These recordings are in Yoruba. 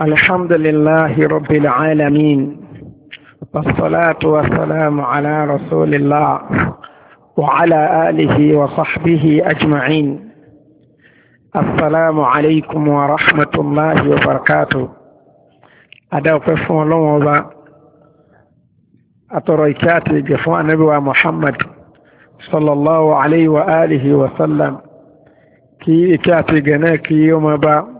الحمد لله رب العالمين والصلاة والسلام على رسول الله وعلى آله وصحبه أجمعين السلام عليكم ورحمة الله وبركاته كفو الله لهم أتريكاتي جفوان نبوى محمد صلى الله عليه وآله وسلم كي إكاتي جناكي يوم بقى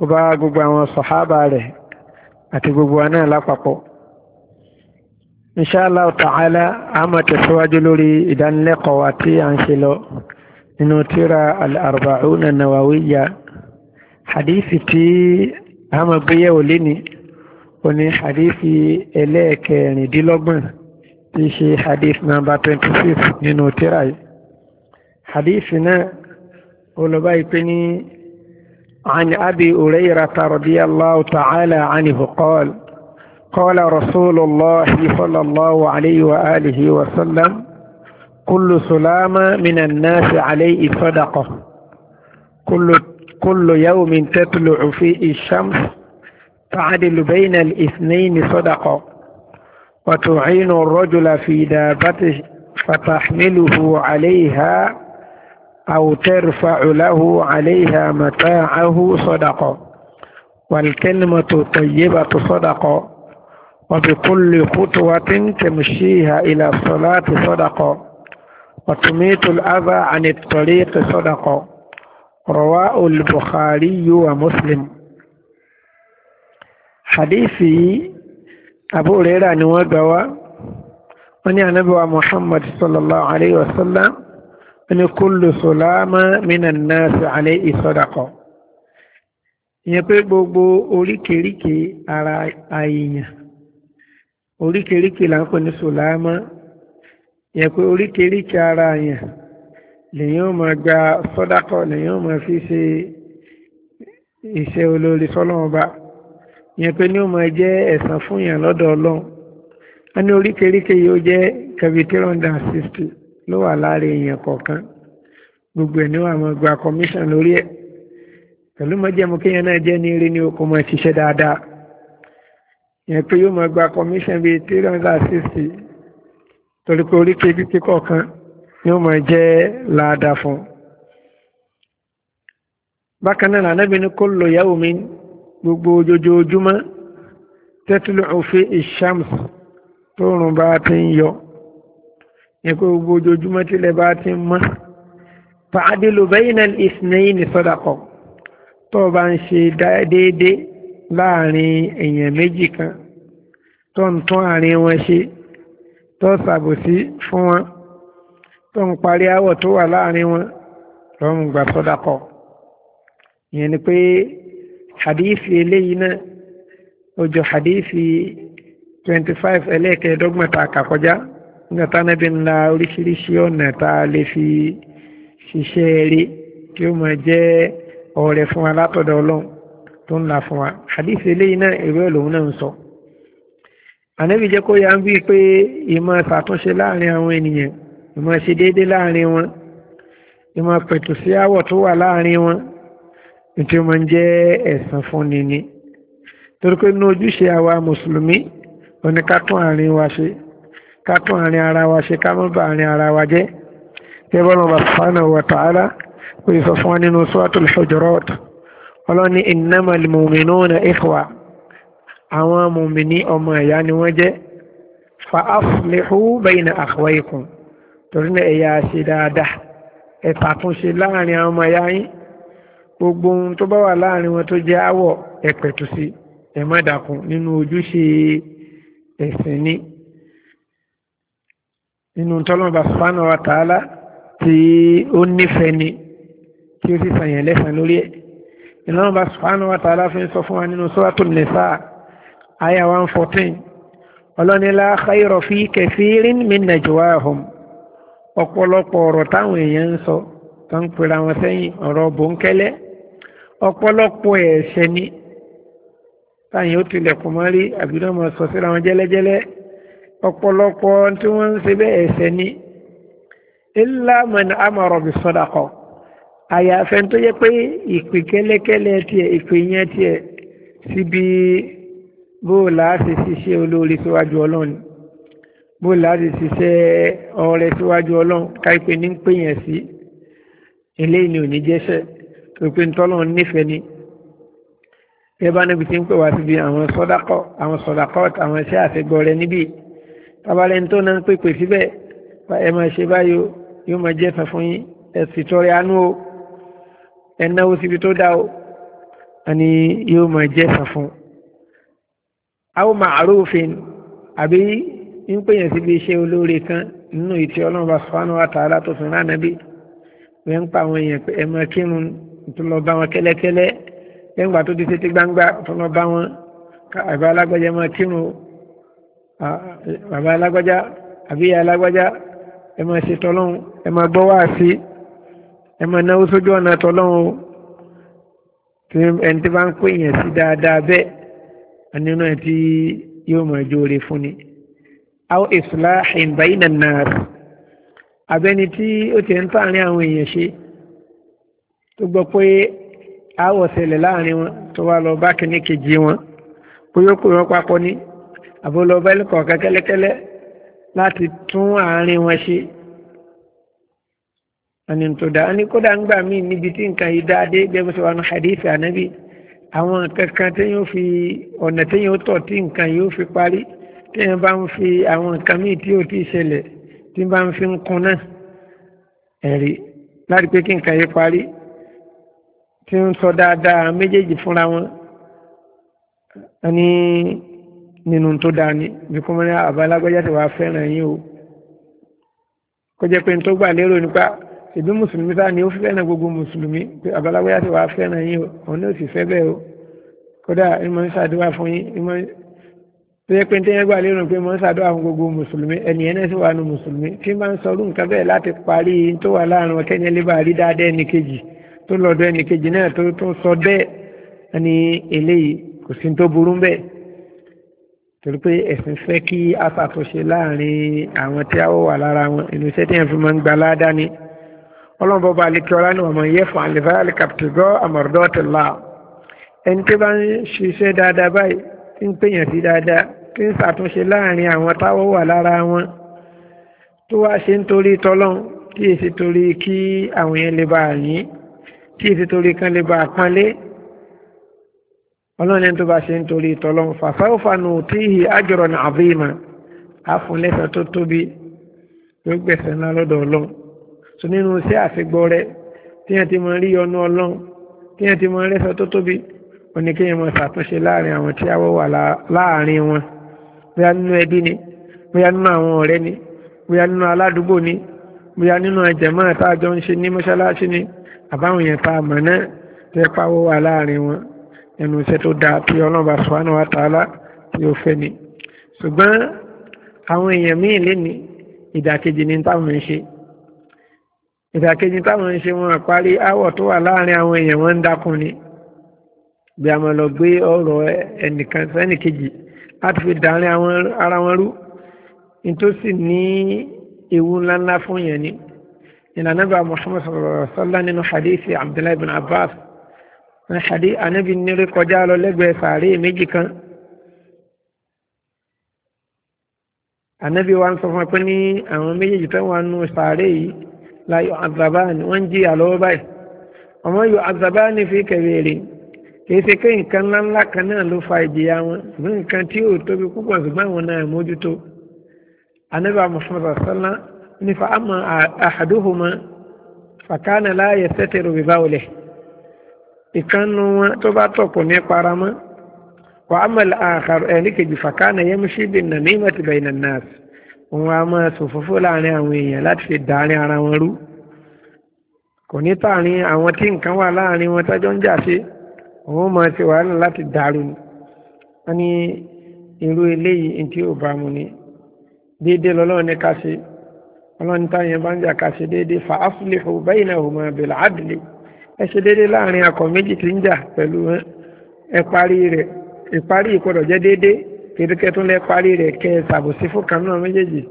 kó bá gbogbo àwọn sọ̀hábà rẹ̀ àti gbogbo wa náà lápapọ̀ inṣáàlá ta'ala a máa tẹ̀síwájú lórí ìdánilẹ́kọ̀ọ́ wa tí a ń ṣe lọ nínú tíra al-arba'una nawawiyya hadithi tí a máa gbé yẹ̀wò léni ó ní hadithi ẹlẹ́ẹ̀kẹrìndínlọ́gbọ̀n tí ṣe hadith number twenty nínú tíra yìí hadithi náà ó lọ báyìí pé ní. عن أبي هريرة رضي الله تعالى عنه قال قال رسول الله صلى الله عليه وآله وسلم كل سلام من الناس عليه صدقة كل كل يوم تطلع فيه الشمس تعدل بين الاثنين صدقة وتعين الرجل في دابته فتحمله عليها أو ترفع له عليها متاعه صدقة والكلمة طيبة صدقة وبكل خطوة تمشيها إلى الصلاة صدقة وتميت الأذى عن الطريق صدقة رواه البخاري ومسلم حديثي أبو هريرة نوبة وني النبي محمد صلى الله عليه وسلم ẹni kúlù sọ̀lámà mìíràn náà sí alẹ́ ìsọ̀dàkọ̀ ìyẹn pé gbogbo oríkèríkè ara àyèyàn oríkèríkè là ń pè ní sọ̀lámà ìyẹn pé oríkèríkè ara àyàn lèyìn ó máa gba sọ́dàkọ̀ lèyìn ó máa fi ṣe iṣẹ́ olórí sọ́lọ́mọba ìyẹn pé ní ó máa jẹ́ ẹ̀san fún yàn lọ́dọ̀ a ní oríkèríkè yìí ó jẹ́ kẹbi three hundred and sixty ló wà lára èèyàn kọ̀ọ̀kan gbogbo ẹ̀ ní wàá máa gba commission lórí ẹ̀ pẹ̀lú mọ́jẹ́mu kéèyàn náà jẹ́ ní eré ní oko máa ṣiṣẹ́ dáadáa yẹn pé yóò máa gba commission bíi three hundred and sixty torí pé oríkè pípé kọ̀ọ̀kan ni ó máa jẹ́ láadáa fún un. bákan náà lànàbí ní kó lò yàwó mi gbogbo ojoojúmọ́ tẹ́tùlù òfin ìṣàmù tó rùn bá ti ń yọ yẹn kó gbogbo ojoojúmọ́ tilẹ̀ bá ti ń mọ́ fàádìlù bẹ́yìnà ìsìnẹ́yìn ní sọ́dàkọ̀ tó bá ń ṣe déédéé láàrin èèyàn méjì kan tó ń tún àárín wọn ṣe tó ṣàbòsí fún wọn tó ń parí àwọ̀ tó wà láàrin wọn lọ́mù gbà sọ́dàkọ̀ ìyẹn ni pé hadithi eléyìí náà ó hadithi twenty five ẹlẹ́ẹ̀kẹ́ẹ̀dọ́gbọ̀n ta kà kọjá nígbà tánábì ńlá oríṣiríṣi ọ̀nà tá a lè fi ṣiṣẹ́ rí tí ó máa jẹ́ ọ̀rẹ́ fún wa látọ̀dọ̀ ọlọ́run tó ń la fún wa hadith eléyìí náà èrò ẹ̀ lòun náà ń sọ. ànábì jẹ́ kó yá ń bí pé ìmọ̀ ṣàtúnṣe láàrin àwọn ènìyàn ìmọ̀ ṣe déédéé láàrin wọn ìmọ̀ pẹ̀tù sí àwọ̀ tó wà láàrin wọn tí ó ń jẹ́ ẹ̀san fún ni torí pé inú ojúṣe àwa mùsùlùmí oníkàtún àárín wa ṣe ká tún àárín ara wa ṣe ká má bà àárín ara wa jẹ́ gẹ́gẹ́ bá subhanahu wa ta'ala kò yìí sọ fún wa nínú suratul hujurat ọlọ́ni innamal mu'minuna ikhwa àwọn mùmìnì ọmọ ìyá ni wọ́n jẹ́ fa aslihu bayna akhwaykum torí náà ẹ̀yà ṣe dáadáa ẹ̀tàtúnṣe láàrin ọmọ ìyá yín gbogbo ohun tó bá wà láàrin wọn tó jẹ́ áwọ̀ ẹ̀pẹ̀tù sí ẹ̀mọ́dàkùn nínú ojúṣe ẹ̀sìn ni inú tọ́lọ́mọba sùpánù wa tààlà tí ó nífẹ̀ẹ́ ni tí ó sì sàyàn lẹ́sàn lórí ẹ̀ ìlọ́mọba sùpánù wa tààlà fi ń sọ fún wa nínú sọ́wọ́tò nìsá àyà one fourteen ọlọ́nilá xayírọ̀ fi kẹfìrín mi nàjọ́wá hùm ọ̀pọ̀lọpọ̀ ọ̀rọ̀ táwọn èèyàn ń sọ tó ń pera wọn sẹ́yìn ọ̀rọ̀ bòńkẹ́lẹ́ ọ̀pọ̀lọpọ̀ ẹ̀ṣẹ̀ ni táyìn ó tilẹ̀kùn mọ́rí àbí sọ síra wọn jẹ́lẹ́jẹ́lẹ́ ọ̀pọ̀lọpọ̀ tí wọ́n ń ṣe bẹ́ẹ̀ ẹ̀ṣẹ̀ ni illa man amara bi sadaqa àyàfẹ́ tó yẹ pé ìpè kẹ́lẹ́kẹ́lẹ́ tiẹ̀ ìpè yẹn tiẹ̀ síbi bóòlà ṣe ṣiṣẹ́ olóore síwájú ọlọ́run bóòlà ṣe ṣiṣẹ́ ọrẹ síwájú ọlọ́run káìpé ní pè yẹn sí eléyìí ni ò ní jẹ́sẹ̀ pé ntọ́lọ́run nífẹ̀ẹ́ ni ẹ bá níbi tí ń pè wá síbi àwọn sọ́dákọ̀ àwọn sọ́dákọ̀ àwọn iṣẹ́ àṣegbọ́ rẹ níbí tabalẹ̀ ń tó náà ń pèpè síbẹ̀ ẹ máa ṣe báyìí o yóò máa jẹ́ sàn fún yín ẹ sì tọrẹ àánú o ẹ náwó síbi tó dá o àní yóò máa jẹ́ sàn fún. àwọn màrúfin àbí ń pèyàn síbi iṣẹ́ olóore kan nínú ìtì ọlọ́run bá sọ́nù àtàlà tó fi rán nàbí wọ́n ń pa àwọn èèyàn pé ẹ máa kírun tó lọ bá wọn kẹ́lẹ́kẹ́lẹ́ lẹ́yìn ìgbà tó di sétí gbangba tó lọ bá wọn àbí alágbẹ̀jẹ̀ máa kírun o bàbá alágbájá àbíyá alágbájá ẹ máa ṣe tọ́lọ́hún ẹ máa gbọ́ wáàsí ẹ máa náwó sójú ọ̀nà tọ́lọ́hún ẹni tí bá ń kó èèyàn sí dáadáa bẹ́ẹ̀ nínú ẹ̀ tí yóò máa jóore fún ni. aw islahin bayna an-nas abẹ́ni tí ó ti ń tààrin àwọn èèyàn ṣe tó gbọ́ pé aáwọ̀ ṣẹlẹ̀ láàrin wọn tó wá lọ bá kíní kejì wọn bóyá ó kúrò papọ̀ ní àbólọ́bẹ́lì kọ̀ọ̀kan kẹ́lẹ́kẹ́lẹ́ láti tún àárín wọn ṣe ẹni tó dá ẹni kódà ń gbà mí níbi tí nǹkan yìí dáadé gẹ́gẹ́ sọ wọn hadith ànábì àwọn kankan téèyàn fi ọ̀nà téèyàn tọ̀ tí nǹkan yìí fi parí téèyàn bá ń fi àwọn nǹkan míì tí ò tí ṣẹlẹ̀ tí bá ń fi ń kun náà ẹ̀rí láti pé kí nǹkan yìí parí tí ń sọ dáadáa méjèèjì fúnra wọn ẹni nínú tó dáa ní bí kò mọ́ ní àbá alágbájá tí wàá fẹ́ràn yín o kó jẹ́ pé tó gbà lérò nípa ìbí mùsùlùmí sáà ni ó fẹ́ràn gbogbo mùsùlùmí pé àbá alágbájá tí wàá fẹ́ràn yín o òun náà sì fẹ́ bẹ́ẹ̀ o kódà ìmọ̀ ń ṣàdúrà fún yín ìmọ̀ tó jẹ́ pé ń tẹ́yẹ́ gbà lérò pé mọ̀ ń ṣàdúrà fún gbogbo mùsùlùmí ẹnì yẹn náà sì wà nù mùsùlùmí tí máa ń sọrú nǹkan bẹ́ẹ̀ láti parí tó wà láàrin ẹni eléyìí kò sí tó burú bẹ́ẹ̀ torí pé ẹ̀sìn fẹ́ kí a ṣàtúnṣe láàrin àwọn tí a ó wà lára wọn inú iṣẹ́ tí yẹn fi máa ń gba ládàá ni ọlọ́run bọ́ba àlekí ọlá ni wọ́n máa ń yẹ fún àlefà àlekàpùtùgọ́ là. ẹni tí bá ń ṣiṣẹ́ dáadáa báyìí tí ń pèyàn sí dáadáa tí ń ṣàtúnṣe láàrin àwọn táwọ́ wà lára wọn tó wá ṣe ń torí tọ́lọ́n tí èsì torí kí àwọn yẹn lè bá yín tí èsì torí kan lè bá pọ́nlé ọlọ́run ẹni tó bá ṣe ń torí tọ́lọ́run fàfáwọ́fà nù tí ìhì àjọrọ̀ ní àbíyìmá àfúnlẹ́sẹ̀ tó tóbi ló gbẹ̀sẹ̀ ńlá lọ́dọ̀ ọlọ́run tó nínú iṣẹ́ àṣegbọ́ rẹ tí yẹn ti mọ rí ọnú ọlọ́run tí yẹn ti mọ rẹ́sẹ̀ tó tóbi òní kéèyàn mọ ṣàtúnṣe láàrin àwọn tí awọ wà láàrin wọn bóyá nínú ẹbí ni bóyá nínú àwọn ọ̀rẹ́ ni bóyá nínú aládùúgbò ni bóyá nínú ẹ̀jẹ̀mọ́ àtàjọ ń ṣe ní mọ́ṣáláṣí ni àbáwọn yẹn ta àmọ́ náà tẹ́ pawọ́ wà láàrin wọn ẹnu iṣẹ́ tó dáa tí ọlọ́ba sùhánù wa tààlà tí ó fẹ́ ni ṣùgbọ́n àwọn èèyàn míì léni ìdàkejì ni táwọn ń ṣe ìdàkejì táwọn ń ṣe wọn àparí áwọ̀ tó wà láàrin àwọn èèyàn wọn ń dákun ni bí a máa lọ gbé ọ̀rọ̀ ẹnìkan sẹ́nìkejì láti fi dàárín ara wọn rú nítòsí ní ewu ńláńlá fún yẹn ni ìlànà bá Muhammad sallallahu nínú hadithi Abdullahi bin Abbas àṣàdé ànábì nírí kọjá lọ lẹ́gbẹ̀ẹ́ fàárẹ̀ méjì kan ànábì wa ń sọ fún wa pé ní àwọn méjèèjì tó wà nù fàárẹ̀ yìí láyọ̀ àzàbáàní wọ́n ń jí àlọ́wọ́ báyìí ọmọ yọ àzàbáàní fi kẹ̀wéèrè kìí ṣe pé nǹkan ńláńlá kan náà ló fa ìjìyà wọn ṣùgbọ́n nǹkan tí ò tóbi púpọ̀ ṣùgbọ́n àwọn náà mójútó ànábì Muhammad sallá nífa ìkànnù wọn tó bá tọ̀pọ̀ ní paramọ́ wà á mọ̀lẹ́ àkàrọ̀ ẹ̀rí kejì fàkánà yẹmúṣí bí nàmí mẹ́tìbẹ̀ ìnà náà òun a máa ṣòfófó láàrin àwọn èèyàn láti fi dàárín ara wọn rú kò ní tààrin àwọn tí nǹkan wà láàrin wọn tọ́jọ́ ń jà sí òun máa ṣe wàhálà láti dàrú ni wọ́n ní irú eléyìí tí ò bá mu ni déédéé lọ́lọ́run ní ká ṣe ọlọ́run táyẹn bá ń jà ká ṣe déédéé fa aslihu ẹ ṣe déédéé láàrin akọ méjì tí ń jà pẹ̀lú ẹ parí rẹ̀ ìparí ìkọdọ̀ jẹ́ déédéé kẹtùkẹtù lẹ parí rẹ̀ kẹ ṣàbòsí fún kanúà méjèèjì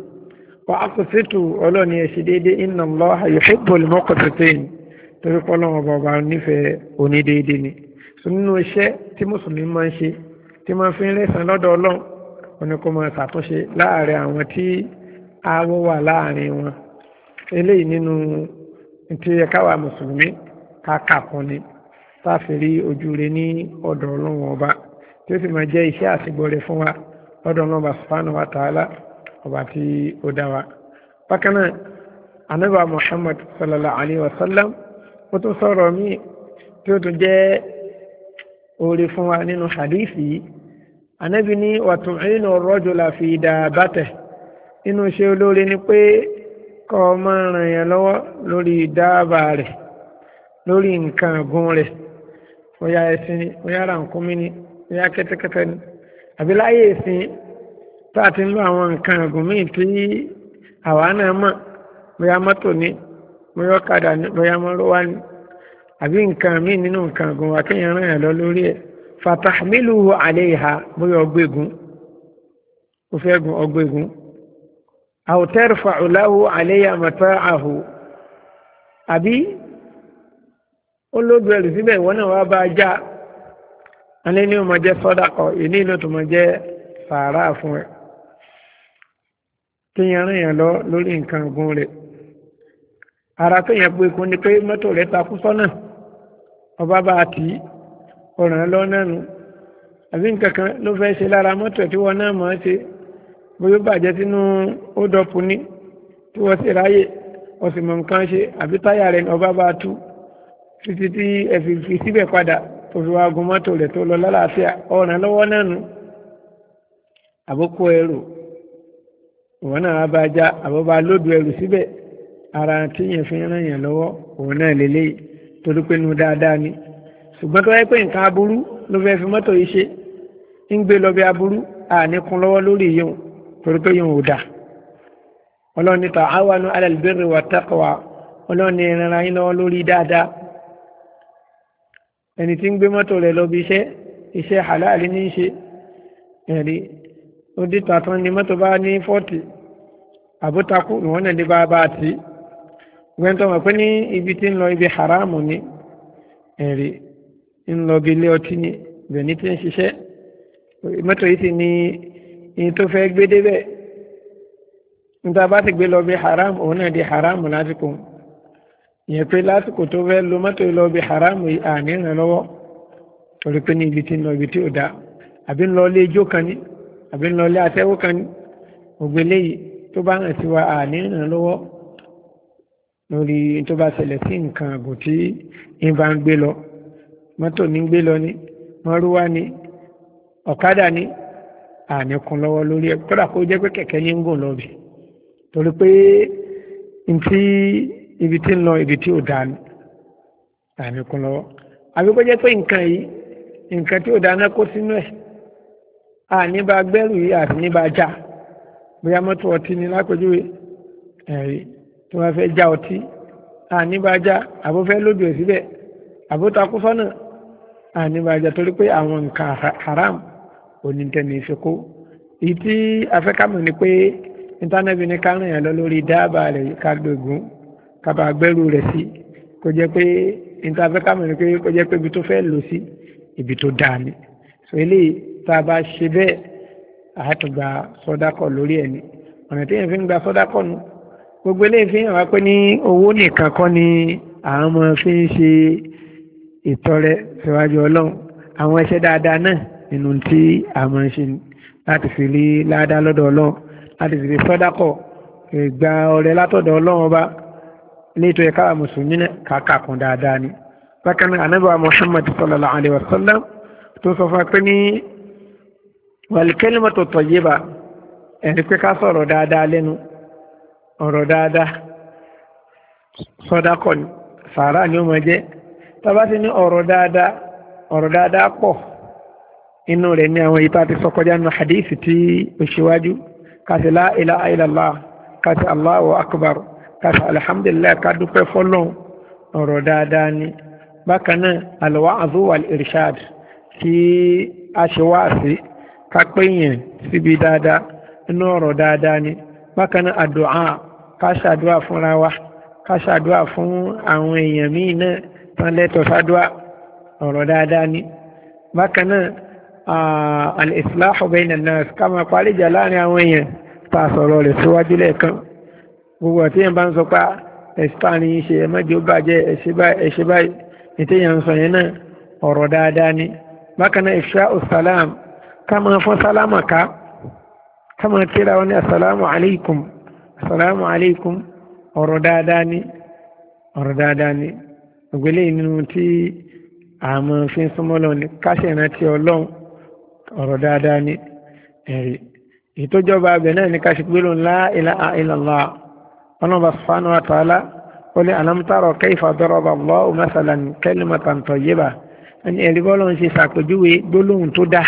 wà á kò sítù ọlọ́ọ̀ni ẹ ṣe déédéé inna Allaha yuhibbul muqsitin torí pé ọlọ́run ọba ọba nífẹ̀ẹ́ onídéédé ni nínú iṣẹ́ tí mùsùlùmí máa ń ṣe tí máa fi ń rẹ̀sán lọ́dọ̀ ọlọ́run eléyìí nínú ti ẹ̀ka wa mùsùlùmí tá a kà kún ni tá a fi rí ojú rẹ ní ọ̀dọ̀ ọlọ́run ọba tí ó sì máa jẹ́ iṣẹ́ àṣegbọrẹ fún wa ọ̀dọ̀ ọlọ́run ọba subhanahu wa ta'ala ọba tí ó dá wa. bákan náà anábà muhammad sallallahu alayhi wa sallam ó tún sọ̀rọ̀ míì tí ó tún jẹ́ oore fún wa nínú hadithi yìí anábì ní wàtúnṣínú rọ́jòlá fi dà bàtẹ̀ nínú iṣẹ́ olóore ni pé kọ́ ọ máa ràn yẹn lọ́wọ́ lórí dáàbà rẹ̀ lórí nǹkan àgùn rẹ̀ bóyá ẹṣin ni bóyá rànkúnmí ni bóyá kẹ́tẹ́kẹ́tẹ́ ni àbí láyé ìsìn tá a ti ń lo àwọn nǹkan àgùn míì tí àwa náà mọ̀ bóyá mọ́tò ni bóyá ọ̀kadà ni bóyá mọ́rọ́wá ni àbí nǹkan míì nínú nǹkan àgùn wa kéèyàn ràn yàn lọ lórí ẹ̀ fatahmilu alayha bóyá ọgbẹ́gun ó fẹ́ gun ọgbẹ́gun àwòtẹ́rù fàcùláwò alayha mata'ahu àbí ó lóògùn ẹrù síbẹ̀ ìwọ náà wàá bá a já alẹ́ ní ọmọ jẹ́ sọ́dàkọ̀ ìní ìlú tó mọ jẹ́ sàárà fún ẹ tí yẹn rìn yẹn lọ lórí nǹkan ọ̀gbun rẹ̀ ara tó yẹn pé kún ni pé mọ́tò rẹ̀ takú sọ́nà ọba bá a tì í ọ̀ràn lọ́nà nù àbí nǹkan kan ló fẹ́ ṣe lára mọ́tò tí wọ́n náà máa ṣe bóyá bàjẹ́ sínú ódọ̀pù ni tí wọ́n sì ráyè ọ̀sìn mọ̀ nǹkan ṣe àbí táyà rẹ̀ ọba bá a tú títí tí ẹ fi fi síbẹ̀ padà tó fi wá gun mọ́tò rẹ̀ tó lọ lálàáfíà ọ̀ràn lọ́wọ́ náà nù àbókò ẹrù òun náà bá já àbọ̀bá lódù ẹrù síbẹ̀ ara tíyẹn fi ràn yàn lọ́wọ́ òun náà lélẹ́yìí torí pé nu dáadáa ni ṣùgbọ́n tó wáyé pé nǹkan aburú ló fẹ́ fi mọ́tò yìí ṣe ń gbé lọ bí aburú àníkun lọ́wọ́ lórí yẹn torí pé yẹn ò dáa ọlọ́ni ta'awanu alal birri wa taqwa ọlọ́ni ẹran ayé lọ́wọ́ lórí dáadáa ẹni tí ń gbé mọ́tò rẹ̀ lọ bí iṣẹ́ iṣẹ́ halal ní í ṣe ẹ̀rí ó dé tàtún ni mọ́tò bá ní fọ́ọ̀tì àbótakú ìwọ́n náà dé bá bá tì í gbẹ́n tó mọ̀ pé ní ibi tí ń lọ ibi haramu ni ẹ̀rí ń lọ bí ilé ọtí ni ibẹ̀ ní ti ń ṣiṣẹ́ mọ́tò yìí sì ní ìyẹn tó fẹ́ gbé débẹ̀ níta bá ti gbé lọ bí haramu òun náà di haramu lásìkò wọn ìyẹn pé lásìkò tó fẹ́ lo mọ́tò lọ bí haramu àní ìrànlọ́wọ́ torí pé ní ibi tí ń lọ ibi tí ò dá àbí ń lọ ilé ijó kan ní àbí ń lọ ilé atẹ́wó kan ní ògbé léyìí tó bá hàn sí wa àní ìrànlọ́wọ́ lórí tó bá ṣẹlẹ̀ sí nǹkan àgùn tí ń bá ń gbé lọ mọ́tò ní ń gbé lọ ní mọ́rúwá ní ọ̀kadà ní àní kun lọ́wọ́ lórí ẹ̀ kódà kó jẹ́ pé kẹ̀kẹ́ yín ń gùn lọ bì torí pé ntí ibi tí ń lọ ibi tí ò dáa ni àmì kún lọ́wọ́ àbí kó jẹ́ pé nǹkan yìí nǹkan tí ò dáa kó sínú ẹ̀ àní bá gbẹ́rù yìí àti ní bá já bóyá mọ́tò ọtí ni lápèjúwe ẹ̀rí tí wọ́n fẹ́ já ọtí àní bá já àbó fẹ́ lòdì ẹ̀ síbẹ̀ àbó takú sọ́nà àní bá já torí pé àwọn nǹkan haram onítẹ̀ni ìfikó ìtí afẹ́kámọ̀ ni pé íńtánẹ́ẹ̀tì ní kárìn ẹ̀ lọ lórí dáàbà rẹ̀ ká gbẹ̀gùn kàbà gbẹ́rù rẹ̀ sí kó jẹ́ pé níta fẹ́ ká mọ̀ ní pé kó jẹ́ pé ibi tó fẹ́ lò sí ibi tó dáa ni so eléyìí tá a bá ṣe bẹ́ẹ̀ àtúgbà sọ́dákọ̀ lórí ẹ̀ ni ọ̀nà tí èèyàn fi ń gba sọ́dákọ̀ nu gbogbo eléyìí fi hàn wá pé ní owó nìkan kọ́ ni àwọn ọmọ fi ń ṣe ìtọrẹ síwájú ọlọ́run àwọn iṣẹ́ dáadáa náà nínú tí a ṣe láti fi rí ládàá lọ́dọ̀ ọlọ́run láti fi rí sọ́dákọ̀ ìgbà ọrẹ látọ̀dọ̀ ọlọ́run ọba eléyìí tó yẹ káwa mùsùlùmí kàkà kún dáadáa ni bákan náà anábàá muhammad sallallahu alayhi wa sallam tó sọ fún pé ní wàlíkẹ́lìmọ̀ tó tọ̀ yé ba ẹ̀rí pé ká sọ̀rọ̀ dáadáa lẹ́nu ọ̀rọ̀ dáadáa sọ́dákọ̀ ni sàárà ni ó máa jẹ́ tọ́ba ti ní ọ̀rọ̀ dáadáa ọ̀rọ̀ dáadáa pọ̀ inú rẹ̀ ní àwọn ipa ti sọkọjá nínú hadith tí ó ṣíwájú kàtí la kàtí allahu akbar kàṣà alhamdulillah ká dúpẹ́ fọ́lọ́hún ọ̀rọ̀ dáadáa ni bákan náà alwa'azu wal irshad kí a ṣe wáàsí ká péyàn síbi dáadáa inú ọ̀rọ̀ dáadáa ni bákan náà àdúà ká ṣàdúà fúnra wa ká ṣàdúà fún àwọn èèyàn míì náà tán lẹ́tọ̀ọ́ ṣàdúà ọ̀rọ̀ dáadáa ni bákan náà al-islahu bayna an parí ìjà láàrin àwọn èèyàn tá a sọ̀rọ̀ rẹ̀ síwájú lẹ́ẹ̀kan gbogbo àti yẹn bá ń sọ pa ẹ̀sìpá ni ṣe ẹ má jẹ́ ó bàjẹ́ ẹ̀ṣẹ̀ báyìí ètè yẹn ń sọ yẹn náà ọ̀rọ̀ dáadáa ni bákan náà ìṣá ọ̀sálàm ká máa fọ́n sálámà ká ká máa kíra wọn ní asàlámù alaykum asàlámù alaykum ọ̀rọ̀ dáadáa ni ọ̀rọ̀ dáadáa ni ògbélé nínú tí àmọ́ fi ń súnmọ́ lọ ní káṣẹ̀ rántí ọlọ́run ọ̀rọ̀ dáadáa ni ẹ̀rí ìtọ́jọba abẹ náà ní káṣẹ̀ gbélò la ilaha illallah ọlọ́ba sùfánù àtàlá ó lé alámútàrọ̀ kayfa daraba Allahu mathalan kalimatan tayyiba ẹni ẹ̀rí bọ́ọ̀lù ń ṣe ṣàpèjúwe gbólóhùn tó dá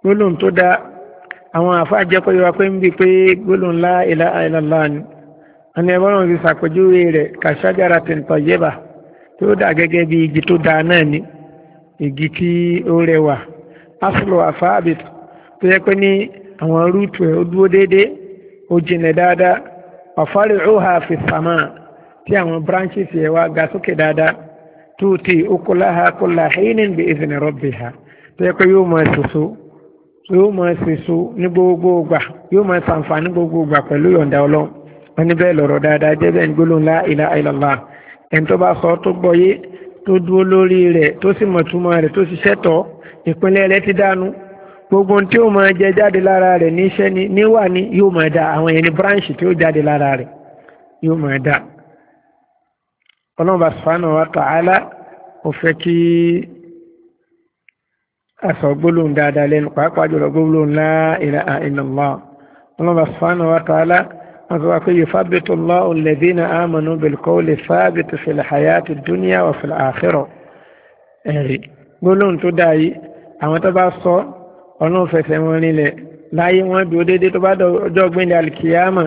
gbólóhùn tó dá àwọn àfáà jẹ́kọ̀ọ́ yọ pé ń bi pé gbólóhùn la ilaha illallah ni ẹni ẹ̀rí bọ́ọ̀lù ń ṣe ṣàpèjúwe rẹ̀ ka shajaratin tayyiba tó dà gẹ́gẹ́ bí igi tó dáa náà ni igi tí ó rẹwà aslu àfáàbìt tó yẹ pé ní àwọn rúùtù ẹ̀ ó dúró déédéé ó jinlẹ̀ dáadáa ọ̀fọ́rí ọ̀hà fìfàmà tí àwọn branches yẹ wá ga sókè dáadáa tuuti ukulaha kula hinin bi izini rabbiha tó yẹ kó yóò máa soso yóò máa soso ní gbogbo gbà yóò máa ṣàǹfààní gbogbo gbà pẹ̀lú yọ̀ǹda ọlọ́run wọn ní bẹ́ẹ̀ lọ̀rọ̀ dáadáa jẹ́ bẹ́ẹ̀ ní gbólóhùn la ilaha illallah ẹni tó bá sọ tó gbọ́yé tó dúró lórí rẹ̀ tó sì mọ̀túmọ̀ rẹ̀ tó sì ṣẹ́tọ̀ ìpínlẹ̀ rẹ̀ ti dánú gbogbo tí ó máa jẹ jáde lára rẹ̀ níṣẹ́ ni níwà ni yóò máa da àwọn ẹni branch tí ó jáde lára rẹ̀ yóò máa da ọlọ́mọba subhanahu wa ta'ala ó fẹ́ kí aṣọ gbólóhùn dáadáa lẹ́nu pàápàá jùlọ gbólóhùn la ilaha illallah ọlọ́mọba subhanahu wa ta'ala wọ́n sọ wá pé yuthabbitu Allahu alladhina amanu bil qawli thabit fil hayati dunya wa fil akhirah ẹ̀rí gbólóhùn tó dáa yìí àwọn tó bá sọ ọlọ́run fẹsẹ̀ wọn rinlẹ̀ láyé wọn dúró déédéé tó bá dọjọ́ gbẹ̀ndẹ̀ alikiyama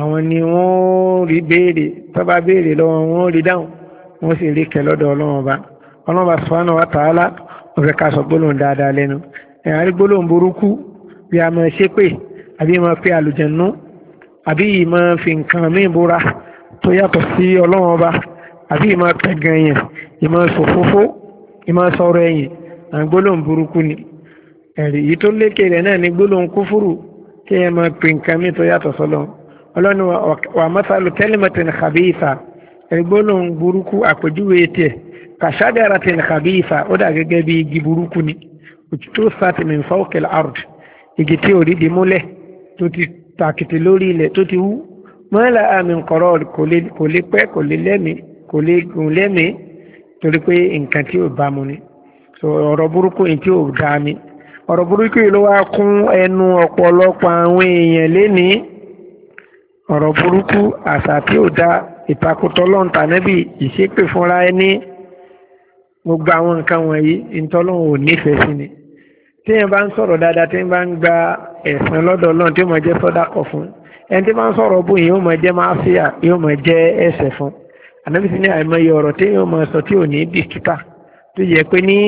àwọn ni wọ́n rí béèrè tó bá béèrè lọ́wọ́ wọn rí dáhùn wọ́n sì rí kẹ́ lọ́dọ̀ ọlọ́run ọba ọlọ́run bá subhanahu wa ta'ala wọ́n fẹ́ ká sọ gbólóhùn dáadáa lẹ́nu ẹ̀yà rí gbólóhùn burúkú bí a máa ṣe pé àbí máa pe àlùjànnú àbí máa fi nǹkan mí búra tó yàtọ̀ sí ọlọ́run ọba àbí máa pẹ̀gàn yẹn ìmọ̀ sòfófó ìmọ̀ sọ̀rọ̀ ẹ̀yìn àgbólóhùn burúkú ni ẹ̀rí yìí tó lékè rẹ̀ náà ní gbólóhùn kúfúrú tí ẹ máa pè nǹkan mi tó yàtọ̀ sọ́lọ́ ọlọ́ni wà mọ́sálù kalimatin khabitha ẹ̀rí gbólóhùn burúkú àpèjúwe tiẹ̀ kashadaratin khabitha ó dà gẹ́gẹ́ bí igi burúkú ni òtútù sati min fawqil ard igi tí ò rí di múlẹ̀ tó ti tàkìtì lórí ilẹ̀ tó ti wú mọ́lá àmì kọ̀rọ̀ kò lè pẹ́ kò lè lẹ́mìí kò lè gùn lẹ́mìí torí pé nǹkan tí ò bá mu ni ọ̀rọ̀ burúkú yìí tí ò dáa ni ọ̀rọ̀ burúkú yìí ló wá kún ẹnu ọ̀pọ̀lọpọ̀ àwọn èèyàn lénìí ọ̀rọ̀ burúkú àṣà tí ò da ìtakùtọ̀ lọ́ǹtà níbi ìṣépè fúnra ẹni gbogbo àwọn nǹkan wọ̀nyí ìtọ́lọ́hún ò nífẹ̀ẹ́ sí ni tí yẹn bá ń sọ̀rọ̀ dáadáa tí yẹn bá ń gba ẹ̀sìn lọ́dọ̀ Ọlọ́run tí yóò máa jẹ́ sọ́dákọ̀ fún ẹni tí bá ń sọ̀rọ̀ bóyá yóò máa jẹ́ máfíà yóò máa jẹ́ ẹ̀ṣẹ̀ fún ànábì sí ní àìmọye ọ̀rọ̀ tí yóò máa sọ tí ò ní bìkítà tó yẹ pé ní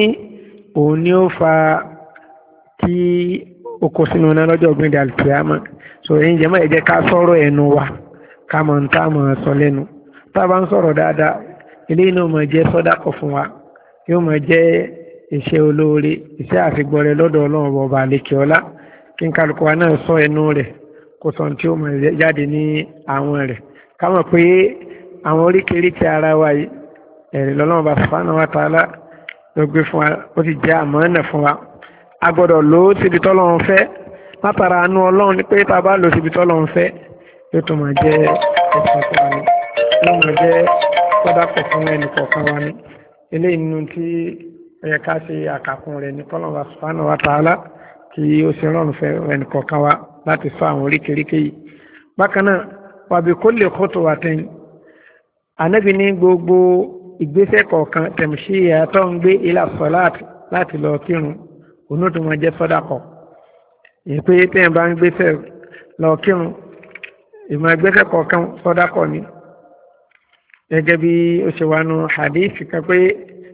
òun ni ó fa tí ó kó sínú iná lọ́jọ́ ọ̀gbìn dàlùkìyàmọ́ so èyí jẹ́ mọ́ jẹ́ ká sọ̀rọ̀ ẹnu wa ká mọ̀ ń tá mọ̀ sọ lẹ́nu tá a bá ń sọ̀rọ̀ dáadáa eléyìí náà mọ̀ jẹ́ sọ́dákọ̀ fún wa yóò mọ̀ jẹ́ iṣẹ́ olóore iṣẹ́ àfigbọ́rẹ́ lọ́dọ̀ ọlọ́run ọba àlekè ọlá kí n kálukú wa náà sọ ẹnu rẹ̀ kó sọ tí ó mọ̀ jáde ní àwọn rẹ̀ ká mọ̀ pé àwọn oríkèéríkèé ara wa yìí ẹ̀rí lọ́lọ́run ọba subhanahu wa ta'ala ló gbé fún wa ó sì jẹ́ àmánà fún wa agbọ́dọ̀ lò ó síbi tọ́lọ́run fẹ́ látara àánú ọlọ́run ni pé tá a bá lò ó síbi tọ́lọ́run fẹ́ yóò tó máa jẹ́ ẹ̀sìn fún wa ni yóò máa jẹ́ pọ́dàpọ̀ fún ẹnì kọ̀ọ̀kan wa ni eléyìí nínú tí ẹ̀yẹ ká ṣe àkàkùn rẹ̀ ní kọ́lọ́run wa subhanahu wa ta'ala kí ó ṣe rọrùn fẹ́ ẹnì kọ̀ọ̀kan wa láti sọ àwọn oríkèéríkè yìí bákan náà wa bi kulli khutuwatin ànábì ní gbogbo ìgbésẹ̀ kọ̀ọ̀kan tẹ̀mùsí ìyàtọ̀ ń gbé ilà sọ̀láàtì láti lọ kírun onótò wọn jẹ́ sọ́dàkọ̀ ìpè téèyàn bá ń gbéṣẹ́ lọ kírun ìmọ̀ ẹgbẹ́sẹ̀ kọ̀ọ̀kan sọ́dàkọ̀ ni gẹ́gẹ́ bí ó ṣe wà nù hadith kan pé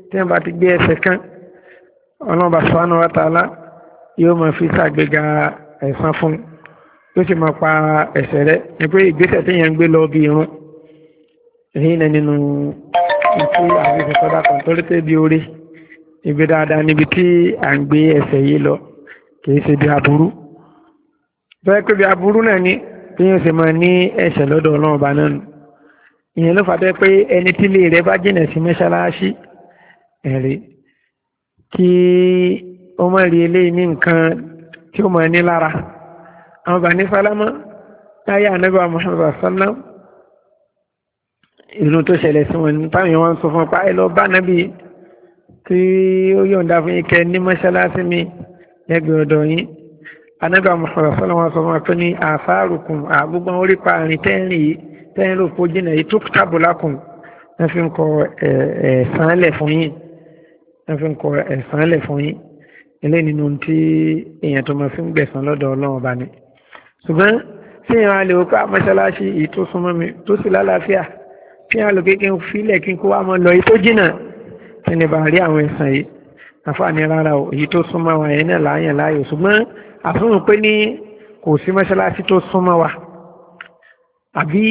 téèyàn bá ti gbé ẹsẹ̀ kan ọlọ́ọ̀bà sọ́nà wa tààlà yóò máa fi ṣàgbéga ẹ̀san fún un tó sì máa pa ẹ̀ṣẹ̀ rẹ̀ ni pé ìgbésẹ̀ tí yẹn ń gbé lọ bí irun èyí nẹ nínú ìtú àfihàn sọ́dá kan tó létí bí orí ìgbé dáadáa níbi tí à ń gbé ẹsẹ̀ yìí lọ kìí ṣe bí aburú bẹ́ẹ̀ pé bí aburú náà ni bí yóò ṣe máa ní ẹsẹ̀ lọ́dọ̀ ọlọ́run ọba náà nù ìyẹn ló fàbẹ́ pé ẹni tí ilé rẹ̀ bá jìnà sí mẹ́ṣáláṣí ẹ̀rí kí ó má rí eléyìí ní nǹkan tí ó máa ní lára àwọn bàní sálámà láyé ànábà Muhammad sallam ìlú tó ṣẹlẹ̀ sí wọn táwọn èèyàn wọn sọ fún pa ẹ lọ bá nábì yìí tí ó yọ̀ǹda fún yín kẹ́ ní mọ́ṣáláṣí mi lẹ́gbẹ̀ẹ́ ọ̀dọ̀ yín anábà mọ̀sọ̀rọ̀ sọ́lọ́wọ́ sọ wọn pé ní àfárùkùn àgbúgbọ́n orí pa àrìn tẹ́rìn yìí tẹ́rìn ló fojú náà yìí tó tábùlákùn wọ́n fi ń kọ ẹ̀sán lẹ̀ fún yín wọ́n fi ń kọ ẹ̀sán lẹ̀ fún yín ilé nínú tí èèyàn tó máa fi ń gbẹ̀sán lọ́dọ̀ ọlọ́run bá ní. ṣùgbọ́n tí èèyàn á lè wò pé mọ́ṣáláṣí yìí tó súnmọ́ mi tó sì lálàáfíà tí èèyàn á lò kékeré fílẹ̀ kí n kó wá mọ́ lọ yìí tó jìnnà kí ni bá rí àwọn ẹ̀sán yìí àfààní rárá o èyí tó súnmọ́ wa yẹn náà láàyàn láàyò ṣùgbọ́n àfihàn pé ní kò sí mọ́ṣáláṣí tó súnmọ́ wa àbí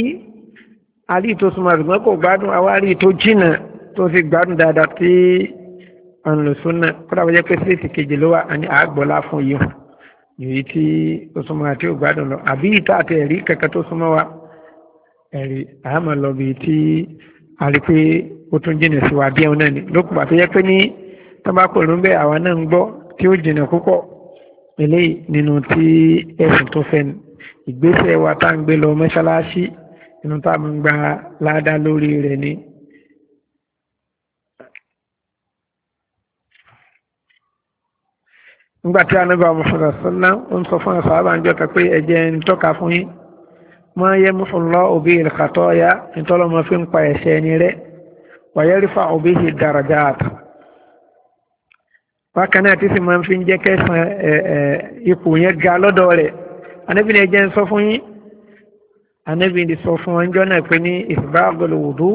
alí tó súnmọ́ ṣùgbọ́n kò gbádùn awárí tó jìnnà tó fi gbádùn dáadáa tí ọ̀nlọ́sùn náà kódà wọ́n jẹ́ pé síríìtì kejì ló wà ní àgbọ̀lá fún yìí hàn yìí tí ó súnmọ́ àti ògbádùn lọ àbí ìta àti ẹ̀rí kẹ̀kẹ́ tó súnmọ́ wa ẹ̀rí àmọ́ lọ bíi tí àrí pé ó tún jìnà sí wa bí ẹun náà ni lókùnbà tó yẹ pé ní tọ́bákò ló ń bẹ àwọn náà ń gbọ́ tí ó jìnà púpọ̀ eléyìí nínú tí ẹ̀sùn tó fẹ́ ni ìgbésẹ̀ wa tá ń gbé lọ mọ́ṣáláṣí inú tá a ń gba ládá lórí rẹ̀ ni. nígbà tí anábàá Muhammad sallam ń sọ fún ẹ̀sọ́ àbájọ́ kan pé ẹ̀jẹ̀ ń tọ́ka fún yín máa yẹ mùsùlùmọ́ òbí ìlkàtọ́ ya ìtọ́lọ́mọ fi ń pa ẹ̀ṣẹ̀ ni rẹ̀ wàyẹ́rìfà òbí yìí dàrájà àtà bákan náà tí sì máa fi ń jẹ́ kẹsàn ipò yẹn ga lọ́dọ̀ rẹ̀ anábì ní ẹjẹ́ ń sọ fún yín anábì ní sọ fún ọjọ́ náà pé ní ìsìbáàgọ̀lù wùdú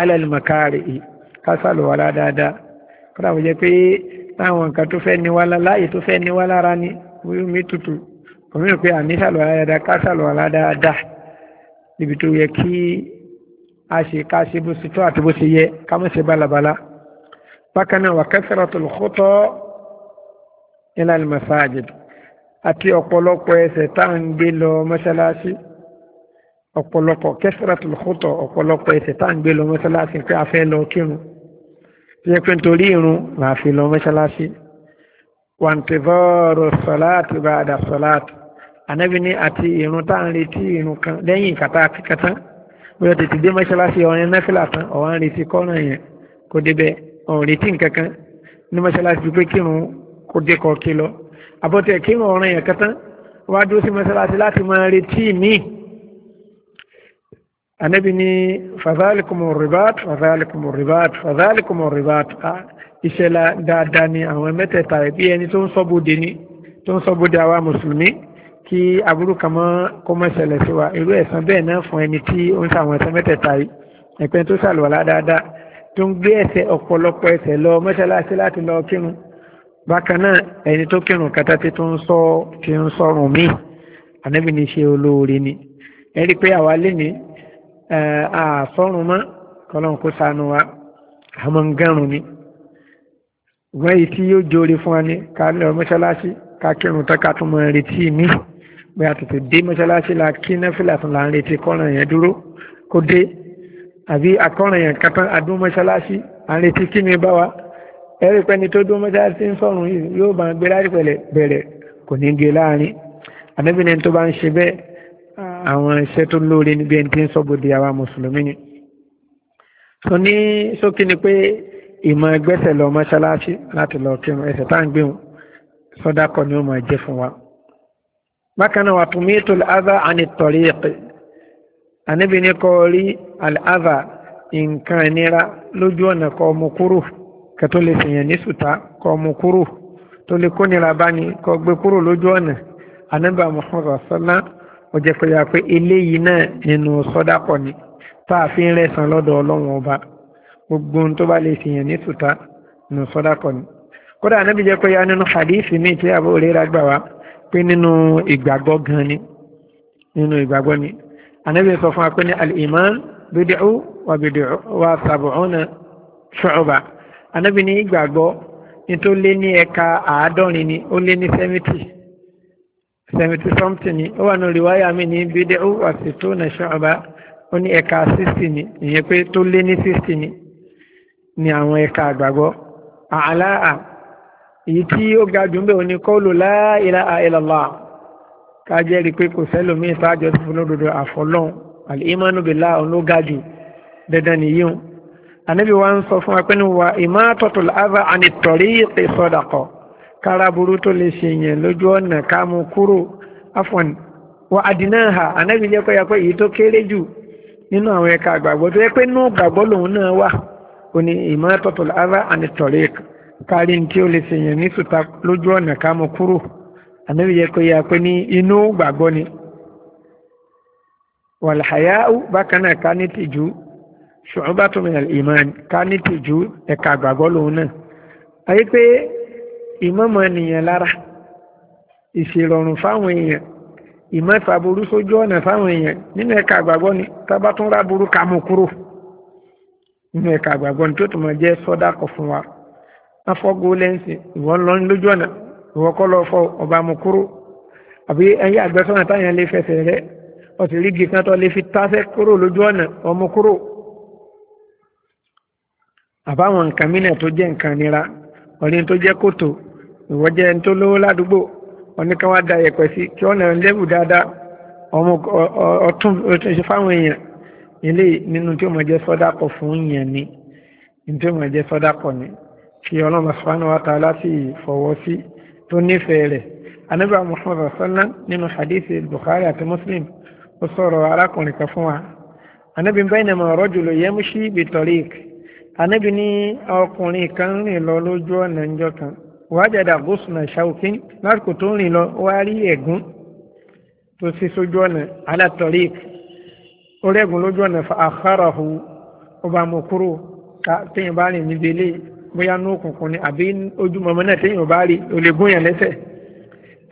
alẹ́lùmọ̀kárì kásàlùwàlá dáadáa kọ́dà wọ́n jẹ́ pé táwọn nǹkan tó fẹ́ niwá lára láàyè tó fẹ́ niwá lára ni omi tutù omi ò pé àní sàlùwàlá dáadáa ká sàlùwàlá dáadáa níbi tó yẹ kí a ṣe ká ṣe bó ṣe tó àti bó ṣe yẹ ká mọ̀ ṣe bálabàlá bákan náà wà kasratul khuta ila al masajid àti ọ̀pọ̀lọpọ̀ ẹsẹ̀ tá à ń gbé lọ mọ́ṣáláṣí ọ̀pọ̀lọpọ̀ kasratul khuta ọ̀pọ̀lọpọ̀ ẹsẹ̀ tá à ń gbé lọ mọ́ṣáláṣí pé a fẹ́ lọ kírun tó yẹ pé irun là fi lọ mọ́ṣáláṣí wa intizaru salati ba'da salati anabi ní àti irun tá à ń retí irun kan lẹ́yìn ìkàtà akẹ́kẹ́ tán bóyá tètè dé mọ́ṣáláṣí ọ̀rin náfìlà tán ọ̀wá ń retí kọ́nà yẹn kò débẹ̀ ọ̀n retí nǹkan kan ní mọ́ṣáláṣí pé kírun kò dé kọ́ kí lọ àbọ̀tẹ̀ kírun ọ̀rin yẹn kan tán wá dúró sí mọ́ṣáláṣí láti máa retí míì anabi ní fàzálìkùmù rìbáàt fàzálìkùmù rìbáàt fàzálìkùmù rìbáàt ìṣẹ̀lẹ̀ dáadáa ni àwọn mẹ́tẹ̀ẹ̀ta ẹ̀bí ẹni tó ń sọ́bodè kí aburú kan mọ́ kó mọ́ ṣẹlẹ̀ sí wa irú ẹ̀san bẹ́ẹ̀ náà fún ẹni tí ó ń ṣàwọn ẹ̀san mẹ́tẹ̀ẹ̀ta yìí ẹ̀pẹ́ tó ṣàlùwàlá dáadáa tó ń gbé ẹsẹ̀ ọ̀pọ̀lọpọ̀ ẹsẹ̀ lọ mọ́ṣáláṣí láti lọ kírun bákan náà ẹni tó kírun kátà tí tó ń sọ ti ń sọrùn míì ànábì ní ṣe olóore ni ẹ rí i pé àwa lè àsọrùn mọ́ kọ́lọ́n kó sànù wa àmọ́ ń gẹ̀rùn ni wọ́n yìí tí yóò jóore fún wa ní ká lọ mọ́ṣáláṣí ká kírun tán ká tún mọ retí míì pé a tètè dé mọ́ṣáláṣí la kí náfìlà tún là ń retí kọ́ran yẹn dúró kó dé àbí akọ́ran yẹn kàtàn adún mọ́ṣáláṣí à ń retí kí mi bá wa ẹ̀rí pẹ́ni tó dún mọ́ṣáláṣí ń sọ̀rùn yìí yóò bá ń gbé láti pẹ̀lẹ̀ bẹ̀rẹ̀ kò ní gé láàrin àdébìnrin tó bá ń ṣe bẹ́ẹ̀ àwọn iṣẹ́ tó lóore níbi ẹni tí ń sọ́bodè àwa mùsùlùmí ni so ní ṣókí ni pé ìmọ̀ ẹgbẹ́sẹ̀ lọ mọ́ṣáláṣí láti lọ kírun ẹsẹ̀ tá à ń gbéhùn sọ́dákọ̀ ni ó máa jẹ́ fún wa bákan náà wà tún mítò àdá àni tọ̀rí ìpè àníbi ní kọ́ rí àdá nǹkan ìnira lójú ọ̀nà kọ́ ọmọ kúrò kẹtó lè fìyàn ní sùtá kọ́ ọmọ kúrò tó lè kó nira bá ní kọ́ gbé kúrò lójú ọ̀nà àníbà Muhammad sọ́lá ó jẹ́ pé yà pé eléyìí náà nínú sọ́dápọ̀ ni tá a fi ń rẹ̀sán lọ́dọ̀ ọlọ́run ọba gbogbo ohun tó bá lè fìyàn ní sùtá nínú sọ́dápọ̀ ni kódà àníbi jẹ́ pé yà nínú hadith mi tí àbúrò rẹ̀ gbà wá pé nínú ìgbàgbọ́ gan ni nínú ìgbàgbọ́ ni ànábì sọ fún wa pé ní al-iman bid'u wa bid'u wa sab'una shu'ba ànábì ní ìgbàgbọ́ ní tó lé ní ẹ̀ka àádọ́rin ni ó lé ní sẹ́mítì seventy something ni ó wà ní riwaya mi ní bídé ó wà sí ó ní ẹ̀ka sixty ni ìyẹn pé tó lé ní sixty ni ni àwọn ẹ̀ka àgbàgbọ́ àlá èyí tí ó ga jù ń bẹ̀ òní ká jẹ́ rí pé kò sẹ́lòmí ìsájọ́ sí fún lódodo ló dandan o wa ń sọ fún wa ní wa imatatul adha àni tọ̀rí ìpè tó lè ṣe yẹn lójú ọ̀nà kúrò wa jẹ́ pé yàtọ̀ èyí tó kéré jù nínú àwọn ẹ̀ka àgbàgbọ́ tó yẹ pé kárí ní tí ó lè ṣèyàn ní sùtà lójú ọ̀nà ká mú kúrò ànábì yẹ kó yẹ pé ní inú gbàgbọ́ ni wàlàyáwó bákan náà ká ní tìjú ṣùgbọ́n bá tún mìíràn ìmọ̀ràn ká ní tìjú ẹ̀ka àgbàgbọ́ lòun náà àyè pé ìmọ̀mọ̀ nìyẹn lára ìṣèrọ̀rùn fáwọn èèyàn ìmọ̀fàburú sójú ọ̀nà fáwọn èèyàn nínú ẹ̀ka àgbàgbọ́ ni tábà tún ráburú ká mú kúrò nínú ẹ̀ka àgbàgbọ́ ni tó tún mọ̀ jẹ́ sọ́dákọ̀ fún wa afọ́go lẹ́ǹsì ìwọ lọ lójú ọ̀nà ìwọ kọ́ lọ fọ ọba mu kúrò àbí ẹyẹ àgbẹ̀sọ́nà táyàn lè fẹsẹ̀ rẹ ọtí rígi kan tó lè fi tásẹ̀ kúrò lójú ọ̀nà ọmọ kúrò àbáwọn nǹkan mìíràn tó jẹ́ nǹkan nira ọ̀rẹ́ tó jẹ́ kòtò ìwọ jẹ́ ẹni tó lówó ládùúgbò ọ̀nìkan wá da ẹ̀pẹ̀ sí kí ọ̀nà lẹ́bù dáadáa ọmọ ni nínú tí ó máa jẹ́ ni tí ọlọ́run subhanahu wa ta'ala sì fọwọ́ sí tó nífẹ̀ẹ́ rẹ̀ anábà muhammad sallam nínú hadithi bukhari àti muslim ó sọ̀rọ̀ arákùnrin kan fún wa anábì bainama rajulun yamshi bi tariq anábì ní ọkùnrin kan rìn lọ lójú ọ̀nà ìjọ kan wajada ghusna shawkin lásìkò tó rìn lọ wá rí ẹ̀gún tó sì sójú ọ̀nà ala ó rẹ́gùn lójú ọ̀nà fa akharahu ó bá mú kúrò téèyàn bá rìn níbi eléyìí bóyá ní òkùnkùn ni àbí ojú mọ̀mọ́ náà téèyàn bá rí o lè gún yàn lẹ́sẹ̀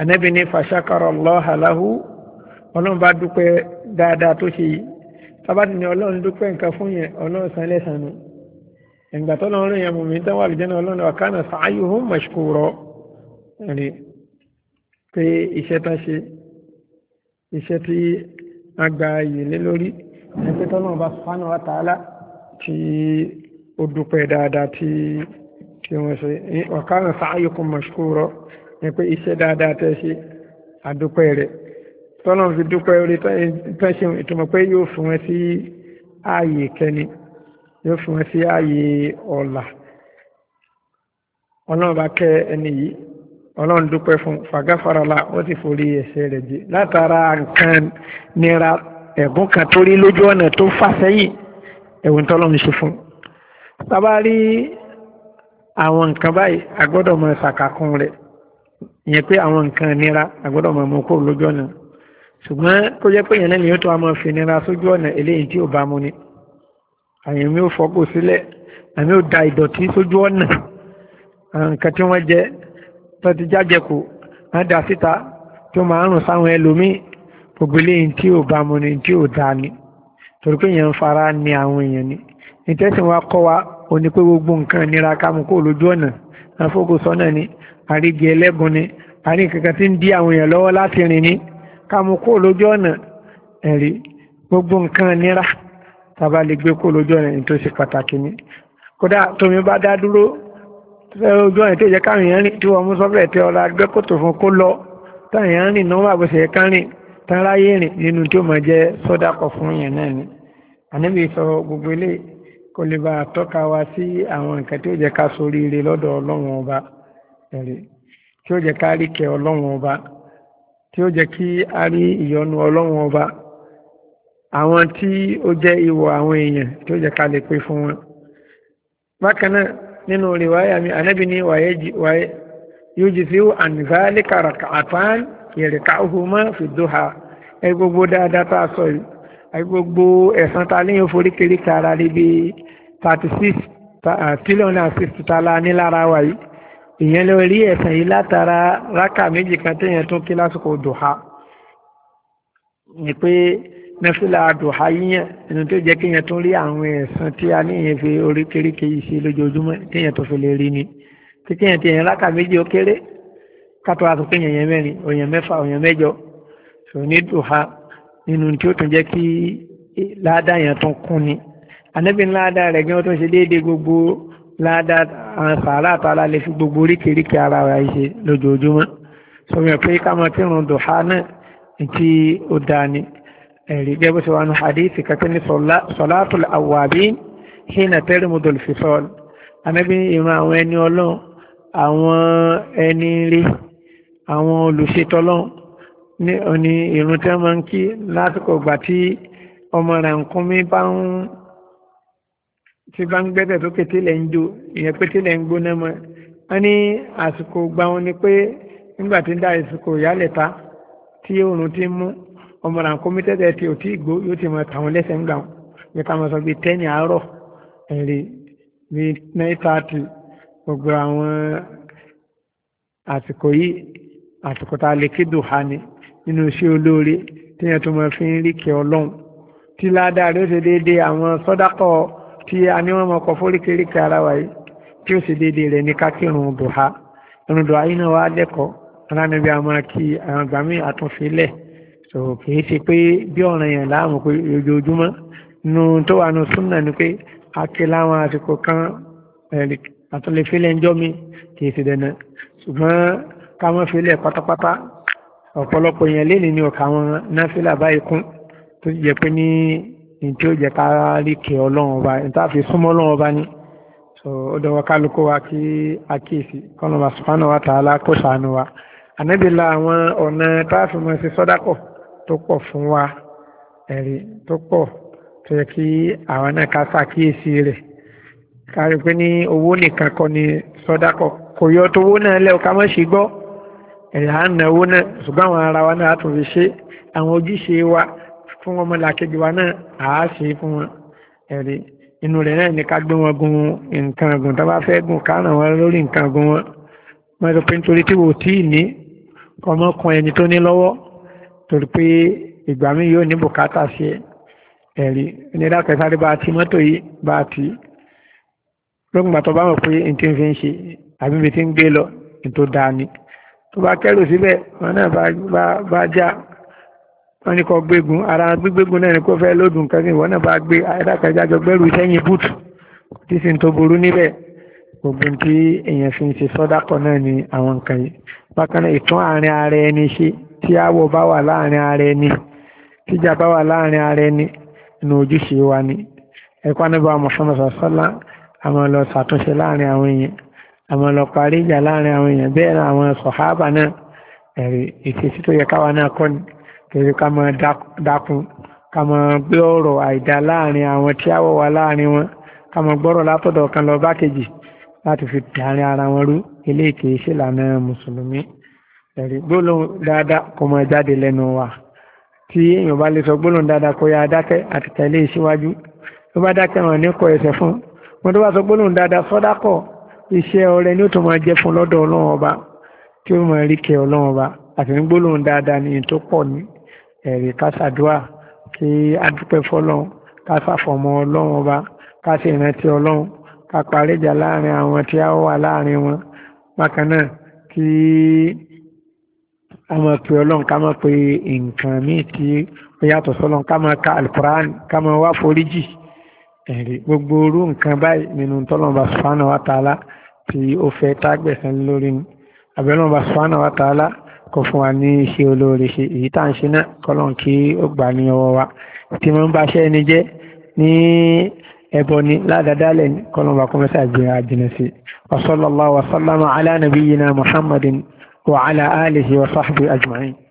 ànábì ní fàṣàkàrọ̀ lọ́hàláhù ọlọ́run bá dúpẹ́ dáadáa tó ṣe yìí tábàtì ni ọlọ́run dúpẹ́ nǹkan fún yẹn ọlọ́run san lẹ́sàn nù ẹ̀ǹgbà tó lọ́run yẹn mọ̀mí tán wà lùjẹ́ náà ọlọ́run wa kana sa'yuhum mashkura rí pé iṣẹ́ tán ṣe iṣẹ́ tí a gba ìyèlé lórí ẹgbẹ́ ó dúpẹ́ dáadáa tí tí wọ́n ṣe wa kana sa'yukum mashkura ní pé iṣẹ́ dáadáa tẹ́ ṣe àdúpẹ́ rẹ̀ tọ́lọ́n fi dúpẹ́ orí tẹ́ṣin ìtumọ̀ pé yóò fún ẹ sí ààyè kẹni yóò fún ẹ sí ààyè ọ̀la ọlọ́run bá kẹ́ ẹni yìí ọlọ́run dúpẹ́ fún fàgáfarala wọ́n ti forí ẹ̀ṣẹ̀ rẹ̀ jì látara nǹkan nira ẹ̀gún kan torí lójú ọ̀nà tó fà sẹ́yìn ẹ̀wọ̀n tọ́lọ́run ṣe fún un tàbá rí àwọn nǹkan báyìí agbọ́dọ̀ mọ̀ ṣàkàkùn rẹ̀ ìyẹn pé àwọn nǹkan nira agbọ́dọ̀ mọ̀ mú kó lójú ọ̀nà ṣùgbọ́n kó jẹ́ pé ìyẹn náà ni yóò tó a máa fi nira sójú ọ̀nà eléyìí tí ò bá mu ni àyẹ̀mí ò fọ́kù sílẹ̀ àmì ò da ìdọ̀tí sójú ọ̀nà nǹkan tí wọ́n jẹ tó ti jájẹkù wọ́n da síta tó máa ń rùn sáwọn ẹlòmíì gbogbo eléyìí tí ò bá mu ni tí ò da ni torí pé ìyẹn ń fara ni àwọn èèyàn ni ìtẹ́sìn wa kọ́ wa ò ní pé gbogbo nǹkan nira ká kó lójú ọ̀nà àfókòsọ́ náà ni àrígi ẹlẹ́gun ni àrí kankan tí ń dí àwọn èèyàn lọ́wọ́ láti rìn ní ká kó lójú ọ̀nà ẹ̀rí gbogbo nǹkan nira tàbá lè gbé kó lójú ọ̀nà ní tó ṣe pàtàkì ni kódà tómi bá dá dúró ojú ọ̀nà tó yẹ káwọn èèyàn rìn tí wọ́n mú sọ́fẹ̀ẹ́ tí ọ̀la gbé kòtò fún kó lọ táwọn èèyàn rìn náà wà bó ṣe yẹ ká rìn tán kó lè bá a tọ́ka wa sí àwọn nǹkan tí ó jẹ́ ká soríire lọ́dọ̀ ọlọ́run ọba ẹ̀rẹ̀ tí ó jẹ́ ká rí kẹ́ ọlọ́run ọba tí ó jẹ́ kí a rí ìyọ́nú ọlọ́run ọba àwọn tí ó jẹ́ ìwọ̀ àwọn èèyàn tí ó jẹ́ ká lè pé fún wọn. bákan náà nínú rìwáyà mi ànábì ní wàyé yóòjì sí àǹzálíkà ràkàtàn ìrìkà òhùnmọ́ fìdóhà ẹ gbogbo dáadáa tá a sọ yìí gbogbo ẹ̀sán ta ní òforí kiri kara níbi thirty six trillion and sixty ta la ní lára wa yìí ìyẹn ló rí ẹ̀sán yìí látara rákà méjì kan téèyàn tún kí lásìkò dùhà ni pé nẹ́fílà dùhà yíyàn ẹni tó jẹ́ kéèyàn tún rí àwọn ẹ̀sán tí a ní ìyẹn fi oríkèéríkè yìí ṣe lójoojúmọ́ kéèyàn tó fi lè rí ni tí kéèyàn ti yẹn rákà méjì ó kéré kátó àtúnkè yẹn yẹn mẹ́rin òyìn mẹ́fà òyìn mẹ́jọ sọ ní dùhà nínú tí ó tún jẹ́ kí láàdá yẹn tún kún ni ànábì láàdá rẹ̀ gan tó ń ṣe déédéé gbogbo láàdá àwọn sàárà àtàlà lè fi gbogbo oríkèéríkèé ara wa ṣe lójoojúmọ́ sọ̀rọ̀ pé ká mọ̀ tí ìrun dùhà náà tí ó dáa ni ẹ̀rí gẹ́gẹ́ bó ṣe wà ní hadithi kankan ní sọ̀látùl awwabin hina tarimudul fisal ànábì ìran àwọn ẹni ọlọ́run àwọn ẹni rí àwọn olùṣètọ́lọ́run ní òní irun tí máa ń kí lásìkò ìgbà tí ọmọ ràkúnmí bá ń tí bá ń gbẹ́sẹ̀ sókè tílẹ̀ ń jó ìyẹn pé tílẹ̀ ń gbóná mọ́ wọ́n ní àsìkò gba wọn ni pé nígbà tí ń dá àsìkò ìyálẹ̀ ta tí oòrùn ti mú ọmọ ràkúnmí tẹ́tẹ́ tí ò tí ì gbó yóò ti mọ tàwọn lẹ́sẹ̀ ń gbà wọn bí ká máa sọ bíi tẹ́ni àárọ̀ ẹ̀rẹ̀ bíi nine thirty gbogbo àwọn àsìkò yìí àsìkò tá a lè kí dùn ha ni nínú iṣẹ́ olóore tí yẹn tó máa fi ń rí kẹ́ ọlọ́run tí ládàá rẹ̀ ó ṣe déédéé àwọn sọ́dákọ̀ tí a ní wọ́n máa kọ ara wa yìí tí ó ṣe déédéé rẹ̀ ní kákìrún dùhà irun dùhà yìí náà wá lẹ́kọ̀ọ́ aláàbí a máa kí àwọn àgbà míì àtúnfilẹ̀ so kì í ṣe pé bí ọ̀ràn yẹn láàmú pé ojoojúmọ́ nu tó wà nù súnà ni pé ake láwọn àsìkò kan àtúnlẹ̀filẹ̀ ń jọ́ mi kì í ṣe dẹ̀nà ṣùgbọ́n ká má filẹ̀ pátápátá ọ̀pọ̀lọpọ̀ èèyàn lé ní ọkà àwọn náfìlà báyìí kún tó yẹ pé ní ní tí ó jẹ ká rí kẹ ọlọ́run ọba ní fi súnmọ́ ọlọ́run ọba ni so ó dọwọ́ kálukú wa kí àkíyèsí kọ́nà subhanahu wa ta'ala kó sànù wa ànábìlà àwọn ọ̀nà tá a fi mọ̀ sí sọ́dákọ̀ tó pọ̀ fún wa ẹ̀rí tó pọ̀ tó yẹ kí àwọn náà ká ṣàkíyèsí rẹ̀ kárí pé ní owó nìkan kọ́ ni sọ́dákọ̀ kò yọ tówó náà lẹ́ ẹ̀yà á náwó náà ṣùgbọ́n àwọn ara wa náà á tún fi ṣe àwọn ojúṣe wa fún ọmọ làkejì wa náà á ṣe fún wọn ẹ̀rí inú rẹ̀ náà ní ká gbé wọn gun nǹkan ọ̀gùn tó bá fẹ́ gùn ká ràn wọn lórí nǹkan ọ̀gùn wọn wọn sọ pé nítorí tí wò tí ì ní ọmọkùnrin ẹni tó ní lọ́wọ́ torí pé ìgbà mi yóò ní bùkátà sí ẹ ẹ̀rí onídà kẹsàrí bá ti mọ́tò yìí bá ti lóògùn gbàtọ́ bá mọ̀ pé n ti fi ń ṣe àbí mi ti ń gbé lọ n tó dáa ni tó bá kẹ́rù síbẹ̀ wọn náà bá já wọ́n ní kọ́ gbégun ara gbígbégun náà ni kò fẹ́ lódùn kan ní ìwọ náà bá gbé ẹ̀dákẹ́jájọ gbẹ́rù sẹ́yìn búùtù tí sì ń tó burú níbẹ̀ gbogbo tí èèyàn fi ń ṣe sọ́dákọ̀ náà ni àwọn nǹkan yìí bákan náà ìtún àárín ara ẹni ṣe tí àwọ̀ bá wà láàárín ara ẹni tíjà bá wà láàárín ara ẹni inú ojúṣe wa ni ẹ̀kọ́ níbà Muhammad sọ̀sọ́lá àwọn lọ ṣàtúnṣe láàárín àwọn èèyàn àmọ́ lọ parí ìjà láàrin àwọn èèyàn bẹ́ẹ̀ àwọn sọ̀hábà náà ẹ̀rí ìṣesí tó yẹ káwa náà kọ́ ni kiri ká máa dákun ká máa gbé ọ̀rọ̀ àìdá láàrin àwọn tí àwọ̀ wà láàrin wọn ká máa gbọ́rọ̀ látọ̀dọ̀ kan lọ bá kejì láti fi dàárín ara wọn rú eléyìí kì í ṣe ìlànà mùsùlùmí ẹ̀rí gbólóhùn dáadáa kó máa jáde lẹ́nu wa tí èèyàn bá lè sọ gbólóhùn dáadáa kó yá dákẹ́ àti tẹ̀lé ìṣíwájú e tó bá dákẹ́ wọn ní kọ ẹsẹ̀ fún wọn tó bá sọ gbólóhùn dáadáa sọ́dákọ̀ iṣẹ́ ọrẹ ní ó tó máa jẹ́ fún lọ́dọ̀ ọlọ́run ọba tí ó máa rí kẹ ọlọ́run ọba àti ní gbólóhùn dáadáa ní tó pọ̀ ní ẹ̀rí kásàdúà kí adúpẹ́ fọlọ́run kásàfọ̀mọ́ ọlọ́run ọba kásì ìrántí ọlọ́run ká parí ìjà láàrin àwọn tí a wà láàrin wọn bákan náà kí a máa pe ọlọ́run ká máa pe nǹkan míì tí ó yàtọ̀ sọ́lọ́run ká máa ka alukuraan ká máa wá foríjì gbogbo orú nǹkan báyìí nínú tọ́lọ́mọba sùfàánù wa tààlà tí ó fẹ́ tágbẹ̀sán lórí ni àbẹ̀lẹ̀ ọba sùfàánà wa tààlà kò fún wa ní iṣẹ́ olóore ṣe èyí tá à ń ṣe náà kọ́lọ́n kí ó gbà ní ọwọ́ wa tí mo ń bá ṣẹ́ ẹni jẹ́ ní ẹbọ ni ládàdálẹ̀ ní kọ́lọ́n bá kọ́mẹ́sì àgbèrè àjìnà sí wa sallallahu wa sallama ala nabiyyina muhammadin wa ala wa sahbihi ajma'in